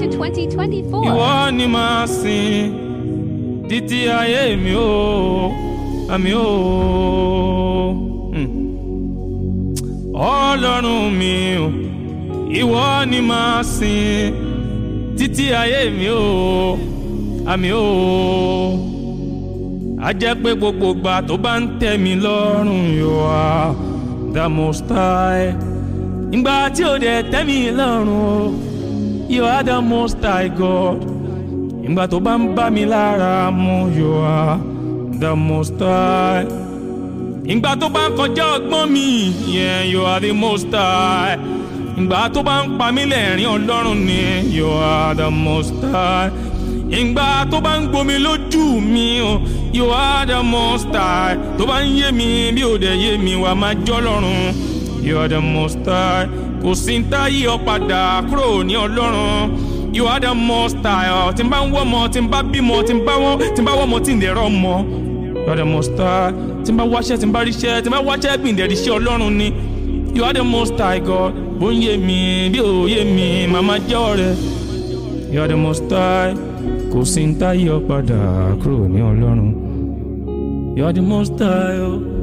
into 2024. Hmm. Ìwọ ni màá sìn títí ayé mi o, àmì o. A jẹ́ pé gbogbo ìgbà tó bá ń tẹ̀ mí lọ́rùn yóò wá the Ìgbà tí ó dẹ̀ tẹ́ mi lọ́rùn o. You are the most high God. Ìgbà tó bá ń bá mi lára mu, you are the most high. Ìgbà tó bá ń kọjá ọgbọ́n mi, yeah, you are the most high. Ìgbà tó bá ń pa mí lẹ́rìn Ọlọ́run ni, you are the most high. Ìgbà tó bá ń gbomi lójú mi, you are the most high. Tó bá ń yé mi bí ó dẹ̀ yé mi, wàá máa jọ́ lọ́rùn. You are the most high. Kò sí ń táyé ọ padà kúrò ní Ọlọ́run. You are the most high. Tí n bá ń wọ́mọ, tí n bá bímọ, tí n bá wọ́n, tí n bá wọ́mọ, tí n lè rọ́mọ. You are the most high. Tí n bá wáṣẹ́, tí n bá ríṣẹ́, tí n bá wáṣẹ́ bí ríṣẹ́ Ọlọ́run ni. You are the most high God. Bó ń yé mi, bí ò mi, màmá jẹ́ ọ̀rẹ́. You are the most high. Kò sí ń táyé ọ padà kúrò ní Ọlọ́run. You are the most high. Oh.